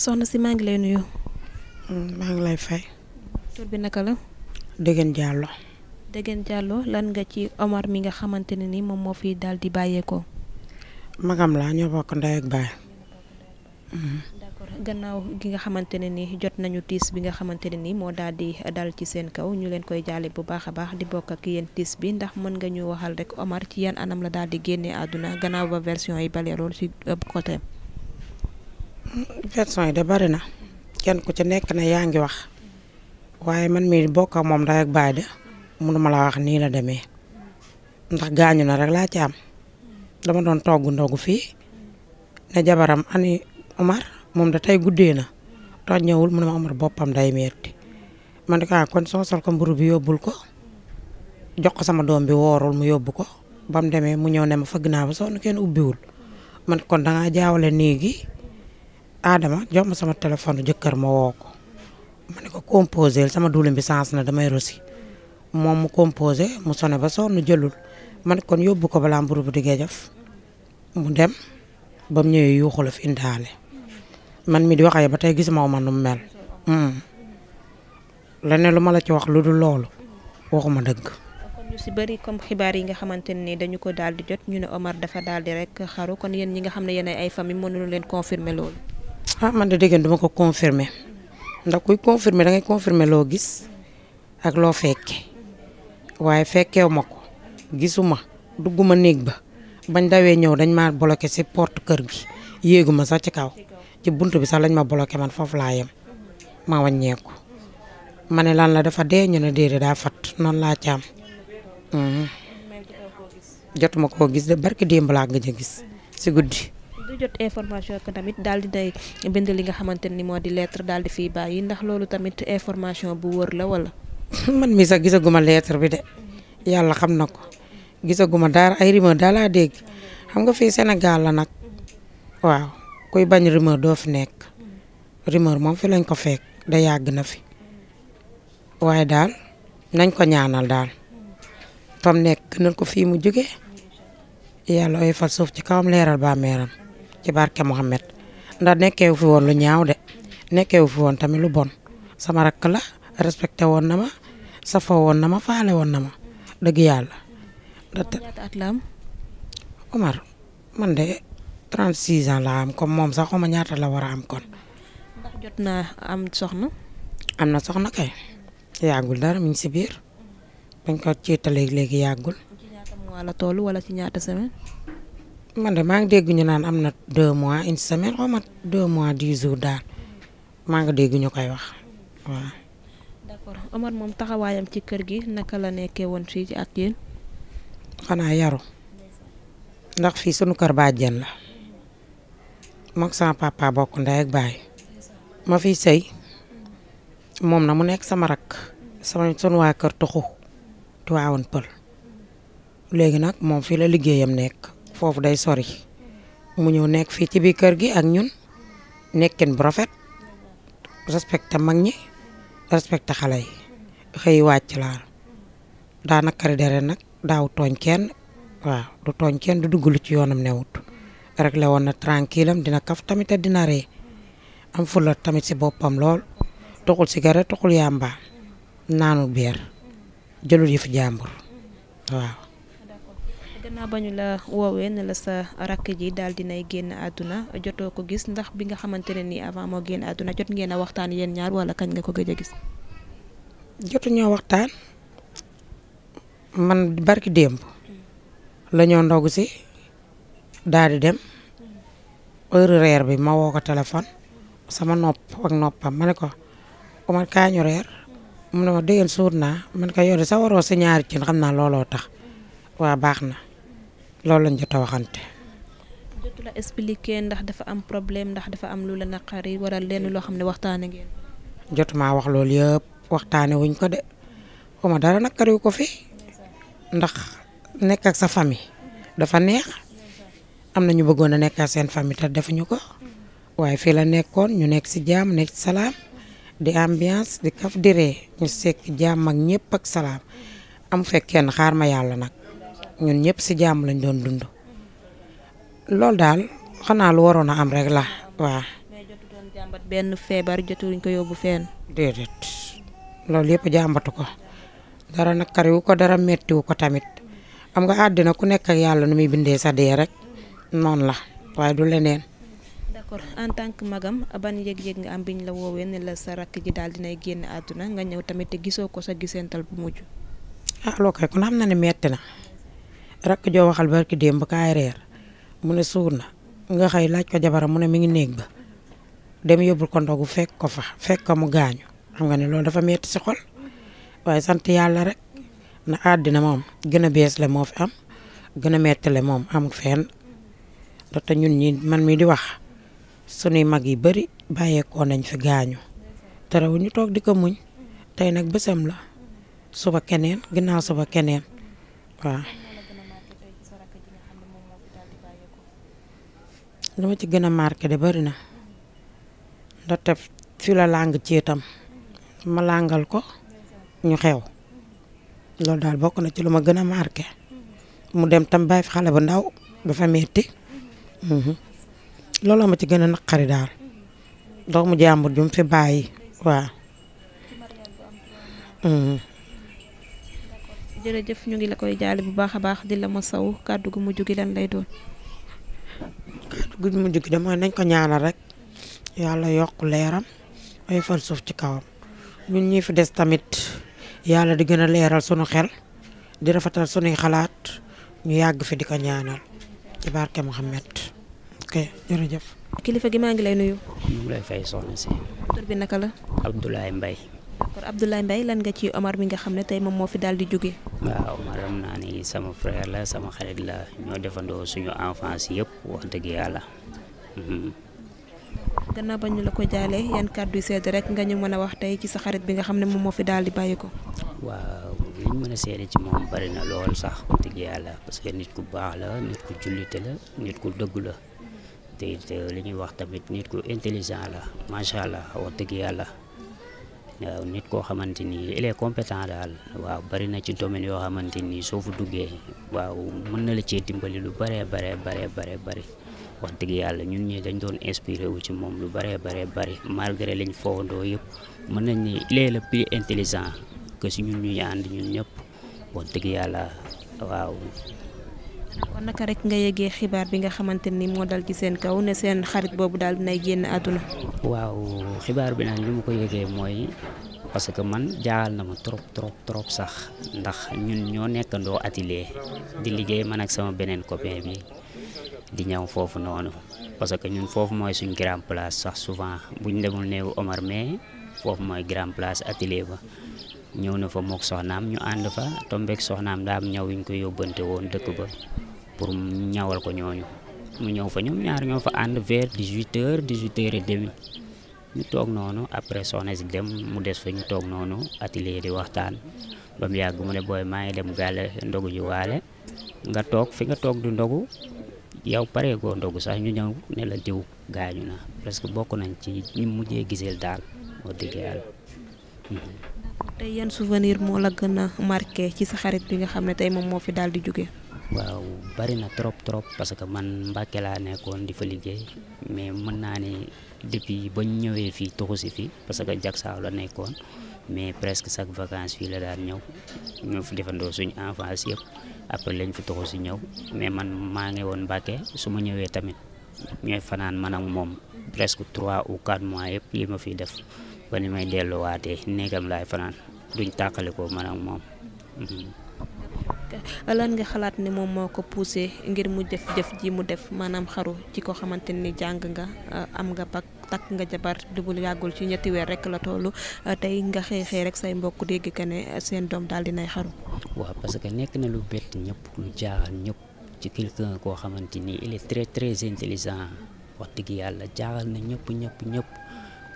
soxna si maa ngi lay nuyu. Mm, maa ngi lay fay. tur bi naka la. Degen Diallo. Degen Diallo lan nga ci Omar mi nga xamante ne ni moom moo fi daal di bàyyeekoo. magam laa ñoo bokk ndey ak baay. Mm-hmm. gannaaw gi nga xamante ne ni jot nañu tiis bi nga xamante ne ni moo daal di dal ci seen kaw ñu leen koy jaale bu baax a baax di bokk ak yéen tiis bi ndax mën nga ñu waxal rek Omar ci yan anam la daal di génnee àdduna gannaaw ba version yi baleeroon ci côté. Euh, version yi de bari na kenn ku ci nekk ne yaa ngi wax waaye man mii bokk moom day ak baay de mënuma la wax nii la deme ndax gaañu na rek laa ci am dama doon togg ndogu fii ne jabaram ani Omar moom da tey guddee na toj ñëwul mu ma Omar boppam day metti ka de ah, kon soosal ko mburu bi yóbbul ko jox ko sama doom bi woorul mu yóbbu ko ba mu demee mu ñëw ne ma fëgg naa ba sonn kenn ubbiwul man kon da jaawale néegi Adama jox ma sama téléphone jëkkër ma woo ko ko composé sama duulum bi sens na damay rosi moom mu composé mu sone ba sonn jëlul man kon yóbbu ko balaa mburu bu diggee jëf mu dem ba mu ñëwee yuuxu la fi indaale man mi di wax ba tey gis ma man nu mu mel. Hmm. leneen lu ma la ci wax lu dul loolu waxuma dëgg. ñu si bëri comme xibaar yi nga xamante ne dañu ko daal di jot ñu ne Omar dafa daal di rek xaru kon yéen ñi nga xam ne yéen ay famille mënuñu leen confirmer loolu. ah man de dégg duma ko confirmer ndax kuy confirmer da ngay confirmer loo gis ak loo fekke waaye fekkew ma ko gisuma dugguma néeg ba bañ dawee ñëw dañ ma bloqué si porte kër gi yéeguma sax ci kaw ci bunt bi sax lañ ma bloqué man foofu laa yem ma wàññeeku ma ne lan la dafa dee ñu ne déedéet daa fat noonu laa caam mhm. jotuma koo gis de barki démb laa gëj a gis ci guddi ñu jot information que tamit daal di day bind li nga xamante ni moo di lettre daal di fiy bàyyi ndax loolu tamit information bu wër la wala. man mi sax gisaguma lettre bi de yàlla xam na ko gisaguma dara ay rumeur daal xam nga fii Sénégal la nag waaw kuy bañ doo fi nekk rumeur moom fi lañ ko fekk da yàgg na fi waaye daal nañ ko ñaanal daal fam nekk gënal ko fii mu jóge yàlla oyofal suuf ci kawam leeral bàmmeeram ci barke Mouhamed ndax nekkeewu fi woon lu ñaaw de nekkeewu fi woon tamit lu bon sama rakk la respecté woon na ma safoo woon na ma faale woon na ma dëgg yàlla. Omar man de 36 ans la am comme moom sax xuma ñaata la war a am kon. jot naa am soxna. am na soxna kay. yàggul dara mi ngi si biir. bañ ko ciitalee léegi yàggul. ci wala ci ñaata semaine. man de maa ngi dégg ñu naan am na deux mois une semaine xaw ma deux mois dix jour daal maa ngi dégg ñu koy wax waaw. Omar moom taxawaayam ci kër gi naka la nekkee woon fii ak yéen. xanaa yaru ndax fii sunu kër bàjjen la mook sama papa bokk ndey ak baay ma fiy sëy moom na mu nekk sama rakk sama sunu waa kër tuxu tuwaawoon pël léegi nag moom fii la liggéeyam nekk. foofu day sori mu ñëw nekk fii ci biir kër gi ak ñun nekkin bu rafet respecté mag ñi respecté xale yi xëy wàcc laa daa nakari dere nag daaw tooñ kenn du tooñ kenn du dugg ci yoonam newut rek la woon na tranquille am dina kaf tamit dina ree am fulla tamit si boppam lool toxul cigarette toxul yàmba naanul bière jëlul yëfu jàmbur waaw gannaaw ba ñu la woowee ne a sa rakk ji daal dinay génn àdduna jotoo ko gis ndax bi nga xamante ne nii avant moo génn àdduna jot ngeen a waxtaan yéen ñaar wala kañ nga ko gëj a gis. jotuñoo waxtaan man barki démb lañoo ñoo si daal dem heure reer bi ma woo téléphone sama nopp ak noppam ma ne ko Omar kaa ñu reer mu ne ma dégg suur naa man ko yore sa waroo sa ñaari cin xam naa looloo tax waa baax na loolu lañ jot a waxante. la expliquer ndax dafa am problème ndax dafa am lu la naqari wala lenn loo xam ne waxtaanee jot ma wax loolu yëpp waxtaanee wuñ ko de xuma dara naqariwu ko fi ndax nekk ak sa famille dafa neex am na ñu bëggoon a nekk ak seen famille te defuñu ko waaye fii la nekkoon ñu nekk si jaam nekk ci salaam di ambiance di kaf di ree ñu sekk jaam ak ñépp ak salaam am fekkeen xaar ma yàlla nag. ñun ñëpp si jàmm lañ doon dund loolu daal xanaa lu waroon a am rek la waa mais jotu doon benn feebar jotuñ ko yóbbu fenn. déedéet loolu jàmbatu ko dara nag kariwu ko dara mettiwu ko tamit xam nga àddina ku nekk ak yàlla nu muy bindee sa dee rek noon la waaye du leneen. d'accord en tant que magam ban yëg-yëg nga am biñ la woowee ne la sa rakk ji daal dinay génn àdduna nga ñëw tamit te gisoo ko sa gisental bu mujj. ah loo kay kon xam na ne metti na. rakk joo waxal barki démb kaay reer mu ne suur na nga xëy laaj ko jabaram mu ne mi ngi néeg ba dem yóbbul ko ndogu fekk ko fa fekk ko mu gaañu xam nga ne loolu dafa metti si xol waaye sant yàlla rek na àddina moom gën a bees la moo fi am gën a metti moom am fenn ndaxte ñun ñi man mi di wax sunuy mag yi bëri bàyyeekoo nañ fi gaañu te raw ñu toog di ko muñ tey nag bésam la suba keneen ginnaaw suba keneen waaw li ci gën a marqué de bari na ndaxte fi làng ceetam ma làngal ko ñu xew loolu daal bokk na ci lu ma gën a marqué mu dem tam bàyyi fi xale bu ndaw dafa metti mhm. looloo ma ci gën a naqari daal dox mu jaambur jum fi bàyyi waaw. Mhm. jërëjëf ñu ngi la koy jaale bu baax a baax di la ma saw kàddu gu mujj gi lan lay doon. guddi mu jug damooy nañ ko ñaanal rek yàlla yokk leeram ay fal suuf ci kawam ñun ñi fi des tamit yàlla di gën a leeral sunu xel di rafetal sunuy xalaat ñu yàgg fi di ko ñaanal ci barke Mouhamed ok jërëjëf kilifa gi maa ngi lay nuyu. ñu ngi lay fay soxna si. tur bi naka la. Abdoulaye Mbaye. d'accord Abdoulaye Mbaye lan nga ci Omar mi nga xam ne tey moom moo fi daal di jóge waaw maram naa ni sama frère la sama xarit la ñoo defandoo suñu enfance yëpp wax dëgg yàlla. Mhm. gannaaw ba ñu la ko jaalee yan kàddu yu seede rek nga ñu mën a wax tey ci sa xarit bi nga xam ne moom moo fi daal di bàyyi ko. waaw li ñu mën a seede ci moom bari na lool sax wax dëgg yàlla parce que nit ku baax la nit ku jullite la nit ku dëgg la te li ñuy wax tamit nit ku intelligent la macha allah wax dëgg yàlla. waaw nit koo xamante ni il est compétent daal waaw barina ci domaine yoo xamante nii soo fu duggee waaw mën na la cee dimbali lu baree baree baree baree bari wax dëgg yàlla ñun ñi dañ doon inspiré wu ci moom lu baree baree bari malgré liñ foogandoo yëpp mën nañ ni il est le plus intelligent que si ñun ñuy ànd ñun ñëpp wax dëgg yàlla waaw kon naka rek nga yëgee xibaar bi nga xamante ni moo dal ci seen kaw ne seen xarit boobu daal dinay génn àdduna. waaw xibaar bi nag li ma ko yëgee mooy parce que man jaaxal na ma trop trop trop sax ndax ñun ñoo nekkandoo atelier di liggéey man ak sama beneen copain bi di ñëw foofu noonu parce que ñun foofu mooy suñ grand place sax souvent bu demul néewu Omar mais foofu mooy grand place atelier ba. ñëw na fa mook soxnaam ñu ànd fa tombeek soxnaam daam ñaw yuñ ko yóbbante woon dëkk ba pour ñawal ko ñooñu mu ñëw fa ñoom ñaar ñoo fa ànd vers 18 heures 18 heures et demi ñu toog noonu après soxna si dem mu des fa ñu toog noonu atelier di waxtaan ba mu yàgg mu ne booy maa ngi dem gàlle ndogu ji waale nga toog fi nga toog du ndogu yow paree goo ndogu sax ñu ñëw ne la diw gaañu na presque bokk nañ ci ñi mujjee giseel daal moo dëgg yàlla hmm. tey yan souvenir moo la gën a marqué ci sa xarit bi nga xam ne tey moom moo fi daal di jóge waaw bari na trop trop parce que man Mbàkke laa nekkoon di fa liggéey mais mën naa ne depuis ba ñu ñëwee fii toxu si fii parce que Jaksaaw la nekkoon mais presque sac vacance fii la daan ñëw ñoo fi defandoo suñu enfance yëpp après lañ fi toxu si ñëw mais man maa ngi woon Mbàkke su ma ñëwee tamit ñooy fanaan man ak moom presque trois ou quatre mois yëpp li ma fiy def ba ni may delluwaatee néegam laay fanaan duñ tàqale ko man moom. Mm-hmm. lan nga xalaat ne moom moo ko poussé ngir mu def jëf ji mu def maanaam xaru ci ko xamante ni jàng nga euh, am nga bak takk nga jabar dubul yàggul ci ñetti weer rek la toll euh, tey nga xeexee rek say mbokk dégg ka ne seen doom daal dinay xaru. waaw parce que nekk na lu bett ñëpp lu jaaxal ñëpp ci quelqu'un koo xamante ni il est très très intelligent wax dëgg yàlla jaaxal na ñëpp ñëpp ñëpp.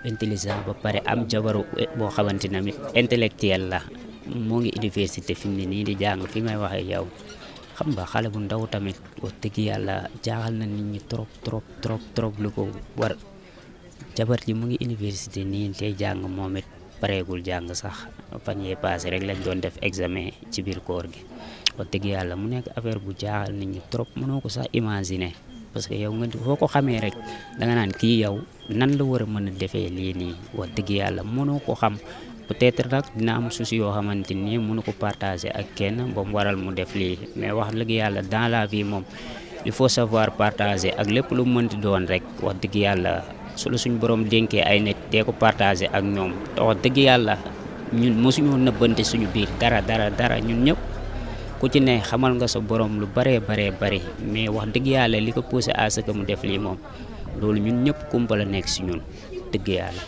intelligent ba pare am jabaru e, boo xamante ne mi intellectuel la moo ngi université fi ni ne nii di jàng fi may waxee yow xam nga xale bu ndaw tamit wax dëgg yàlla jaaxal na nit ñi trop trop trop trop lu ko war jabar ji mu ngi université nii tey jàng moom it pareegul jàng sax fan yee passé rek lañ doon def examen ci biir koor gi wax dëgg yàlla mu nekk affaire bu jaaxal nit ñi trop mënoo ko sax imaginer parce que yow nga foo ko xamee rek da naan kii yow nan la war a mën a defee lii nii wax dëgg yàlla mënoo ko xam peut-être nag dina am souci yoo xamante ni mënu ko partager ak kenn ba mu waral mu def lii mais wax dëgg yàlla dans la vie moom il faut savoir partager ak lépp lu mënti doon rek wax digg yàlla su la suñ borom dénkee ay nit tee ko partager ak ñoom te wax dëgg yàlla ñun mosuñoo nëbbante suñu biir dara dara dara ñun ñëpp. ku ci ne xamal nga sa borom lu baree baree bari mais wax dëgg yàlla li ko poussé à ce que mu def lii moom loolu ñun ñëpp kumpa la nekk si ñun dëgg yàlla.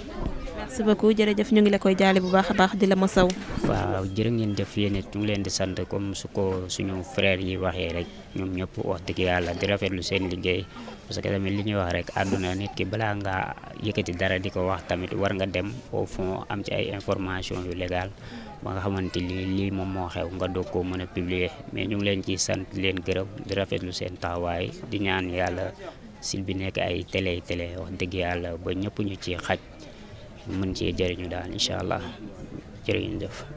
merci beaucoup jërëjëf ñu ngi la koy jaale bu baax a baax di la ma saw waaw jërë ngeen jëf yéen nit ñu ngi leen di sant comme su ko suñu frère yi waxee rek ñoom ñëpp wax dëgg yàlla di rafetlu seen liggéey parce que tamit li ñuy wax rek àdduna nit ki balaa nga yëkkati dara di ko wax tamit war nga dem au fond am ci ay information yu légal ba nga xamante ni lii moom moo xew nga doog ko mën a publier mais ñu ngi leen ciy sant leen gërëm di rafetlu seen taawaay di ñaan yàlla sil bi nekk ay télé télé wax dëgg yàlla ba ñëpp ñu ci xaj mën cee jëriñu daal incha allah jërëjëf